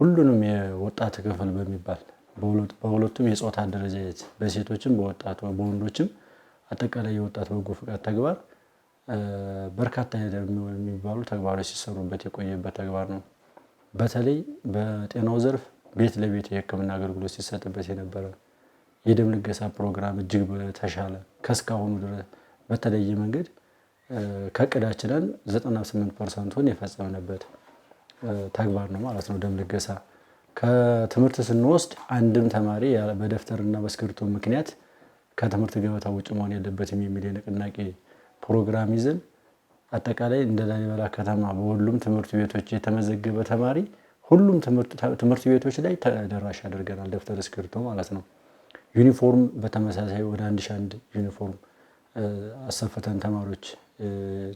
ሁሉንም የወጣት ክፍል በሚባል በሁለቱም የፆታ አደረጃጀት በሴቶችም በወጣት በወንዶችም አጠቃላይ የወጣት በጎ ፍቃድ ተግባር በርካታ የሚባሉ ተግባሮች ሲሰሩበት የቆየበት ተግባር ነው። በተለይ በጤናው ዘርፍ ቤት ለቤት የሕክምና አገልግሎት ሲሰጥበት የነበረ የደም ልገሳ ፕሮግራም እጅግ በተሻለ ከእስካሁኑ ድረስ በተለየ መንገድ ከቅዳችለን 98 ፐርሰንቱን የፈጸምንበት ተግባር ነው ማለት ነው ደም ልገሳ። ከትምህርት ስንወስድ አንድም ተማሪ በደብተርና በእስክሪብቶ ምክንያት ከትምህርት ገበታ ውጭ መሆን የለበትም የሚል የንቅናቄ ፕሮግራም ይዘን አጠቃላይ እንደ ላሊበላ ከተማ በሁሉም ትምህርት ቤቶች የተመዘገበ ተማሪ ሁሉም ትምህርት ቤቶች ላይ ተደራሽ ያደርገናል ደብተር እስክሪብቶ ማለት ነው። ዩኒፎርም በተመሳሳይ ወደ አንድ ሺህ አንድ ዩኒፎርም አሰፍተን ተማሪዎች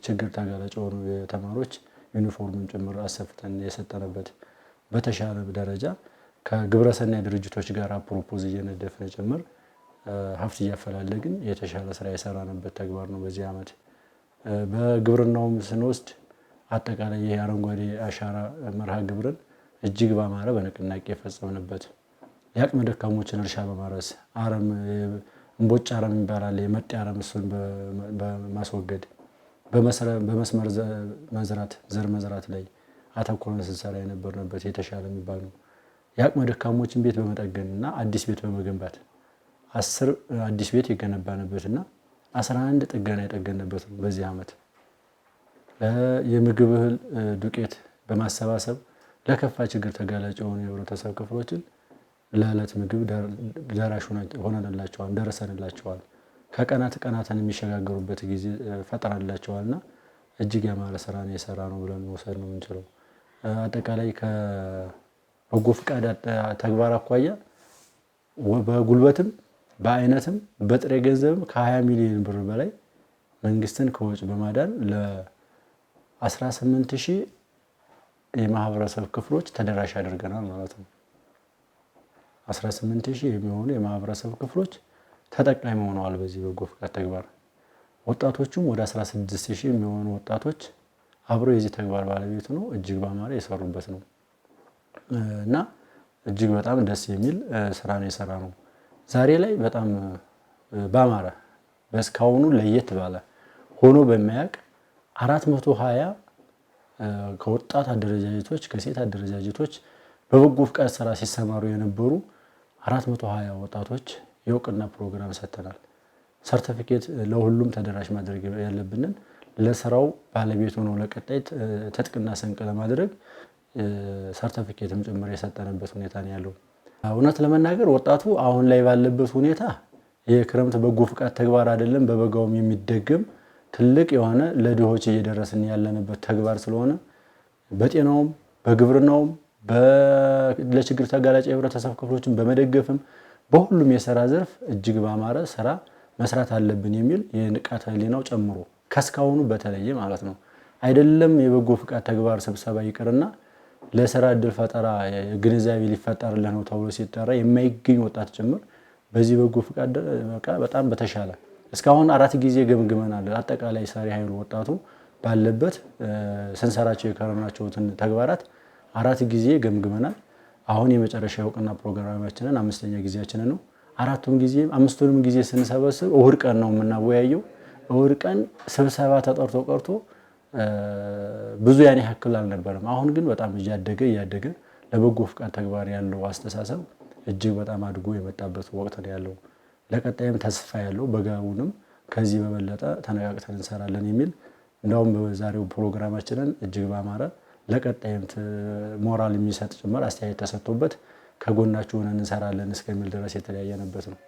ችግር ተጋላጭ የሆኑ ተማሪዎች ዩኒፎርምን ጭምር አሰፍተን የሰጠንበት በተሻለ ደረጃ ከግብረሰናይ ድርጅቶች ጋር ፕሮፖዝ እየነደፍን ጭምር ሀብት እያፈላለግን የተሻለ ስራ የሰራንበት ተግባር ነው። በዚህ ዓመት በግብርናውም ስንወስድ አጠቃላይ ይህ አረንጓዴ አሻራ መርሃ ግብርን እጅግ ባማረ በንቅናቄ የፈጸምንበት የአቅመ ደካሞችን እርሻ በማረስ አረም እምቦጭ አረም ይባላል የመጤ አረም እሱን በማስወገድ በመስመር መዝራት ዘር መዝራት ላይ አተኮረን ስንሰራ የነበርንበት የተሻለ የሚባል ነው። የአቅመ ደካሞችን ቤት በመጠገን እና አዲስ ቤት በመገንባት አስር አዲስ ቤት የገነባንበት እና አስራ አንድ ጥገና የጠገንበት ነው። በዚህ ዓመት የምግብ እህል ዱቄት በማሰባሰብ ለከፋ ችግር ተጋላጭ የሆኑ የህብረተሰብ ክፍሎችን ለዕለት ምግብ ደራሽ ሆነንላቸዋል፣ ደረሰንላቸዋል። ከቀናት ቀናትን የሚሸጋገሩበት ጊዜ ፈጥራላቸዋል እጅግ ያማረ ስራ ነው የሰራ ነው ብለን መውሰድ ነው የምንችለው። አጠቃላይ ከበጎ ፍቃድ ተግባር አኳያ በጉልበትም በአይነትም በጥሬ ገንዘብም ከ20 ሚሊዮን ብር በላይ መንግስትን ከወጭ በማዳን ለ18 ሺህ የማህበረሰብ ክፍሎች ተደራሽ አድርገናል ማለት ነው። 18 ሺህ የሚሆኑ የማህበረሰብ ክፍሎች ተጠቃሚ ሆነዋል። በዚህ በጎ ፍቃድ ተግባር ወጣቶቹም ወደ 16 ሺህ የሚሆኑ ወጣቶች አብረው የዚህ ተግባር ባለቤት ነው እጅግ ባማረ የሰሩበት ነው እና እጅግ በጣም ደስ የሚል ስራ ነው የሰራ ነው። ዛሬ ላይ በጣም ባማረ በእስካሁኑ ለየት ባለ ሆኖ በሚያውቅ አራት መቶ ከወጣት አደረጃጀቶች ከሴት አደረጃጀቶች በበጎ ፍቃድ ስራ ሲሰማሩ የነበሩ አራት መቶ ወጣቶች የእውቅና ፕሮግራም ሰጥተናል። ሰርተፊኬት ለሁሉም ተደራሽ ማድረግ ያለብንን ለስራው ባለቤት ሆነው ለቀጣይ ትጥቅና ስንቅ ለማድረግ ሰርተፊኬትም ጭምር የሰጠንበት ሁኔታ ነው ያለው። እውነት ለመናገር ወጣቱ አሁን ላይ ባለበት ሁኔታ የክረምት በጎ ፍቃድ ተግባር አይደለም፣ በበጋውም የሚደገም ትልቅ የሆነ ለድሆች እየደረስን ያለንበት ተግባር ስለሆነ በጤናውም በግብርናውም ለችግር ተጋላጭ የህብረተሰብ ክፍሎችን በመደገፍም በሁሉም የስራ ዘርፍ እጅግ ባማረ ስራ መስራት አለብን የሚል የንቃተ ህሊናው ጨምሮ ከስካሁኑ በተለየ ማለት ነው። አይደለም የበጎ ፍቃድ ተግባር ስብሰባ ይቅርና ለስራ እድል ፈጠራ ግንዛቤ ሊፈጠርለ ነው ተብሎ ሲጠራ የማይገኝ ወጣት ጭምር በዚህ በጎ ፍቃድ በጣም በተሻለ እስካሁን አራት ጊዜ ገምግመናል። አጠቃላይ ሰሪ ኃይሉ ወጣቱ ባለበት ስንሰራቸው የከረምናቸውትን ተግባራት አራት ጊዜ ገምግመናል። አሁን የመጨረሻ እውቅና ፕሮግራማችንን አምስተኛ ጊዜያችንን ነው። አራቱም ጊዜ አምስቱንም ጊዜ ስንሰበስብ እሁድ ቀን ነው የምናወያየው። እሁድ ቀን ስብሰባ ተጠርቶ ቀርቶ ብዙ ያን ያክል አልነበረም። አሁን ግን በጣም እያደገ እያደገ ለበጎ ፍቃድ ተግባር ያለው አስተሳሰብ እጅግ በጣም አድጎ የመጣበት ወቅት ነው ያለው። ለቀጣይም ተስፋ ያለው በጋውንም ከዚህ በበለጠ ተነቃቅተን እንሰራለን የሚል እንዲሁም በዛሬው ፕሮግራማችንን እጅግ ባማረ ለቀጣይም ሞራል የሚሰጥ ጭምር አስተያየት ተሰጥቶበት ከጎናችሁ ሆነን እንሰራለን እስከሚል ድረስ የተለያየንበት ነው።